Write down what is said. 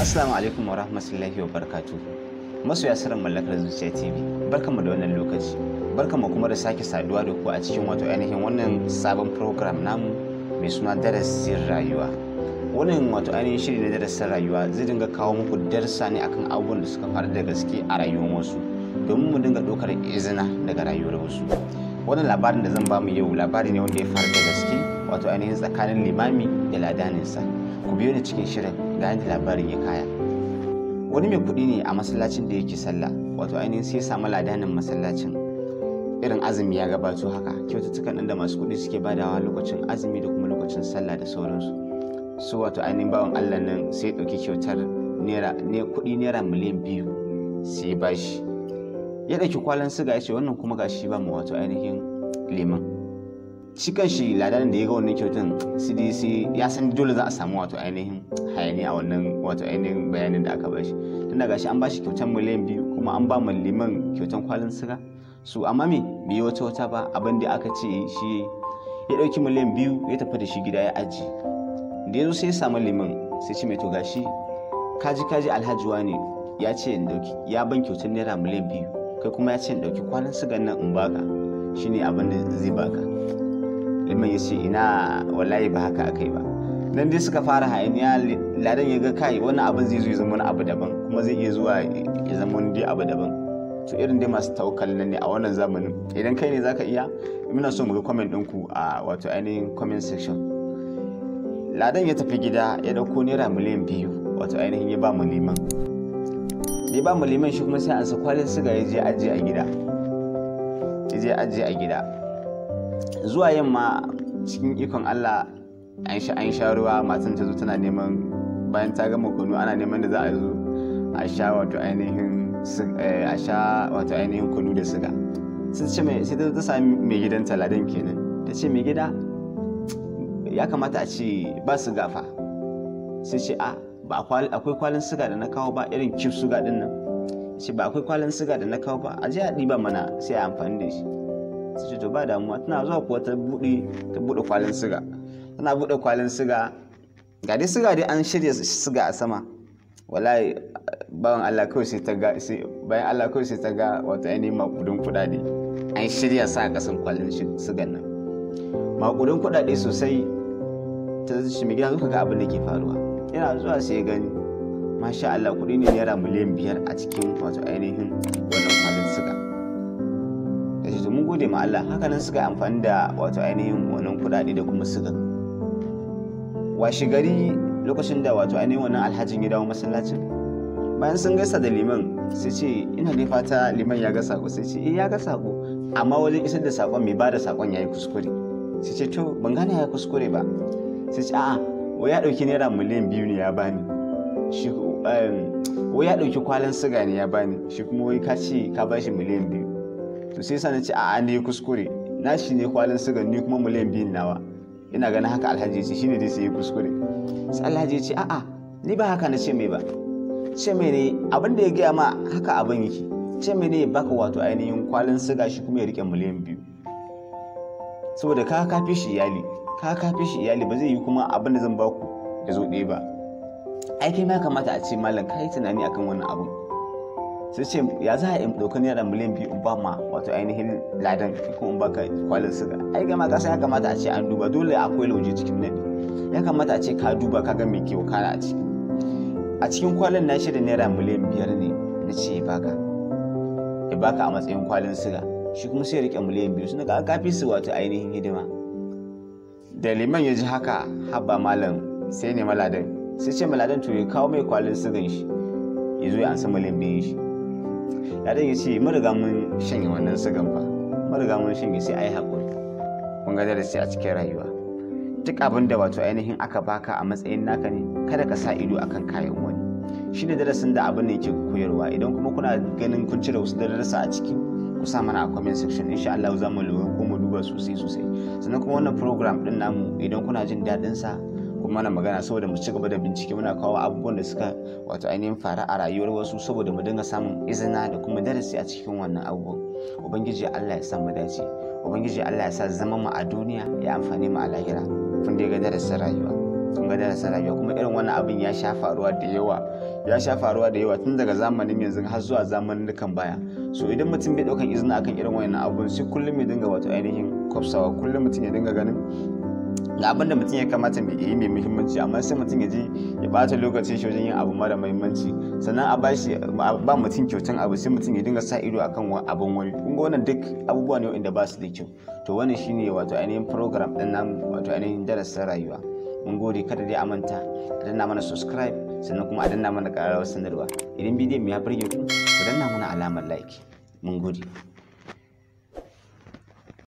Assalamu alaikum wa rahmatullahi wa barakatuhu. Masoya sirrin mallakar zuciya TV, barkanmu da wannan lokaci. Barkanmu kuma da sake saduwa da ku a cikin wato ainihin wannan sabon program namu mai suna darasin rayuwa. Wannan wato ainihin shiri na darasin rayuwa zai dinga kawo muku darsa ne akan abubuwan da suka faru da gaske a rayuwar wasu domin mu dinga ɗaukar izina daga rayuwar wasu. Wannan labarin da zan ba mu yau labari ne wanda ya faru da gaske wato ainihin tsakanin limami da ladaninsa ku biyo ni cikin shirin ga yadda labarin ya kaya wani mai kuɗi ne a masallacin da yake sallah wato ainihin sai samu ladanin masallacin irin azumi ya gabato haka kyaututtukan ɗin da masu kuɗi suke badawa lokacin azumi da kuma lokacin sallah da sauransu su wato ainihin bawan allah nan sai ɗauki kyautar kuɗi naira miliyan biyu sai bashi ya ɗauki kwalan suga ya ce wannan kuma gashi ba mu wato ainihin liman shi kan shi ladanin da ya ga wannan kyautun cdc ya san dole za a samu wato ainihin hayani a wannan wato ainihin bayanin da aka ba shi tun daga shi an ba shi kyautan miliyan biyu kuma an ba mu liman kyautan kwalin siga su amma me bai yi wata wata ba abin da aka ce shi ya ɗauki miliyan biyu ya tafi da shi gida ya aji da ya zo sai ya samu liman sai ce mai to gashi kaji kaji alhajiwa ne ya ce in dauki ya ban kyautan naira miliyan biyu kai kuma ya ce in dauki kwalin sigan nan in baka shine abin da zai baka liman ya ce ina wallahi ba haka aka yi ba nan dai suka fara hayaniya ladan ya ga kai wani abin zai zo ya zama wani abu daban kuma zai iya zuwa ya zama wani dai abu daban to irin dai masu tawakkal nan ne a wannan zamanin idan kai ne zaka iya muna so mu ga comment ɗinku a wato ainihin comment section ladan ya tafi gida ya dauko naira miliyan biyu wato ainihin ya ba mu liman ya ba mu liman shi kuma sai an sa kwalin siga ya je ajiye a gida ya je ajiye a gida zuwa yamma cikin ikon allah an sha ruwa matan ta zo tana neman bayan ta gama kunu ana neman da za a zo a sha wato ainihin eh, a sha wato ainihin kunu da siga sai ta ta sami mai gidan taladan kenan ta ce mai gida ya kamata a ce ba su gafa sai ce a ah, ba akwai kwalin siga da na kawo ba irin kif suga din nan ce ba akwai kwalin siga da na kawo ba a je a ɗiba mana sai a amfani da shi su ce to ba damuwa tana zuwa kuwa ta buɗe ta buɗe kwalin siga tana buɗe kwalin siga ga dai siga dai an shirya siga a sama wallahi bayan Allah kawai sai ta ga sai bayan Allah kawai sai ta ga wato ai ainihin makudin kuɗaɗe an shirya sa kasan kwalin sigan nan ma makudin kuɗaɗe sosai ta shimigi zuwa ga abin da ke faruwa ina zuwa sai gani masha Allah kudi ne naira miliyan biyar a cikin wato ainihin gode ma Allah hakanan suka amfani da wato ainihin wannan kudade da kuma suka washe gari lokacin da wato ainihin wannan alhajin ya dawo masallacin bayan sun gaisa da liman sai ce ina ne fata liman ya ga sako sai ce eh ya ga sako amma wajen isar da sakon mai bada sakon yayi kuskure sai ce to ban gane ya kuskure ba sai ce a'a wai ya dauki naira miliyan biyu ne ya bani shi wai ya dauki kwalan siga ne ya bani shi kuma wai ka ce ka bashi miliyan biyu to sai yasa na ce a'a yi kuskure na shi ne kwalin sigar ni kuma miliyan biyun nawa ina ganin haka alhaji ya ce shine dai sai kuskure sai alhaji ya ce a'a ni ba haka na ce mai ba ce mai ne abin da ya gaya ma haka abin yake ce mai ne ya baka wato ainihin kwalin siga shi kuma ya rike miliyan biyu saboda ka kafi shi iyali ka kafi shi iyali ba zai yi kuma abin da zan baku ya zo ɗaya ba Aiki kai ma kamata a ce malam ka yi tunani akan wannan abin sai ce ya za a yi ɗauka naira miliyan biyu in ba ma wato ainihin ladan ko in baka kwalin siga ai gama kasa ya kamata a ce an duba dole akwai lauje cikin nabi ya kamata a ce ka duba ka ga mai kyau kana a ciki a cikin kwalin na shi da naira miliyan biyar ne na ce ya baka ya baka a matsayin kwalin suga, shi kuma sai ya rike miliyan biyu suna ga kafi su wato ainihin hidima da liman ya ji haka haba malam sai ne maladan sai ce maladan to ya kawo mai kwalin sugan shi ya zo ya ansa miliyan biyun shi ladan ya ce mariga mun shanye wannan sigan fa mariga mun shanye sai ai haƙuri kun ga darasi a cikin rayuwa duk abin da wato ainihin aka baka a matsayin naka ne kada ka sa ido akan kayan wani shine darasin da abin ne ke koyarwa idan kuma kuna ganin kun cire wasu darasa a ciki ku sa mana a comment section insha Allah za mu lura ko mu duba sosai sosai sannan kuma wannan program din namu idan kuna jin daɗin sa kuma na magana saboda mu ci gaba da bincike muna kawo abubuwan da suka wato ainihin faru a rayuwar wasu saboda mu dinga samun izina da kuma darasi a cikin wannan abubuwan ubangiji Allah ya sa mu dace ubangiji Allah ya sa zama mu a duniya ya amfane mu a lahira kun dai ga darasin rayuwa kun ga darasin rayuwa kuma irin wannan abin ya sha faruwa da yawa ya sha faruwa da yawa tun daga zamanin yanzu har zuwa zamanin dukan baya so idan mutum bai daukan izina akan irin wannan abun sai kullum ya dinga wato ainihin kwafsawa kullum mutum ya dinga ganin ga abin da mutum ya kamata mai yi mai muhimmanci amma sai mutum ya ji ya bata lokacin shi wajen yin abu mara muhimmanci sannan a ba mutum kyautan abu sai mutum ya dinga sa ido akan abin wani kun wannan duk abubuwa ne inda ba su da kyau to wannan shine wato ainihin program din nan wato ainihin darasin rayuwa mun gode kada dai amanta a danna mana subscribe sannan kuma a danna mana ƙararrawar sanarwa idan bidiyon ya burge ku ku danna mana alamar like mun gode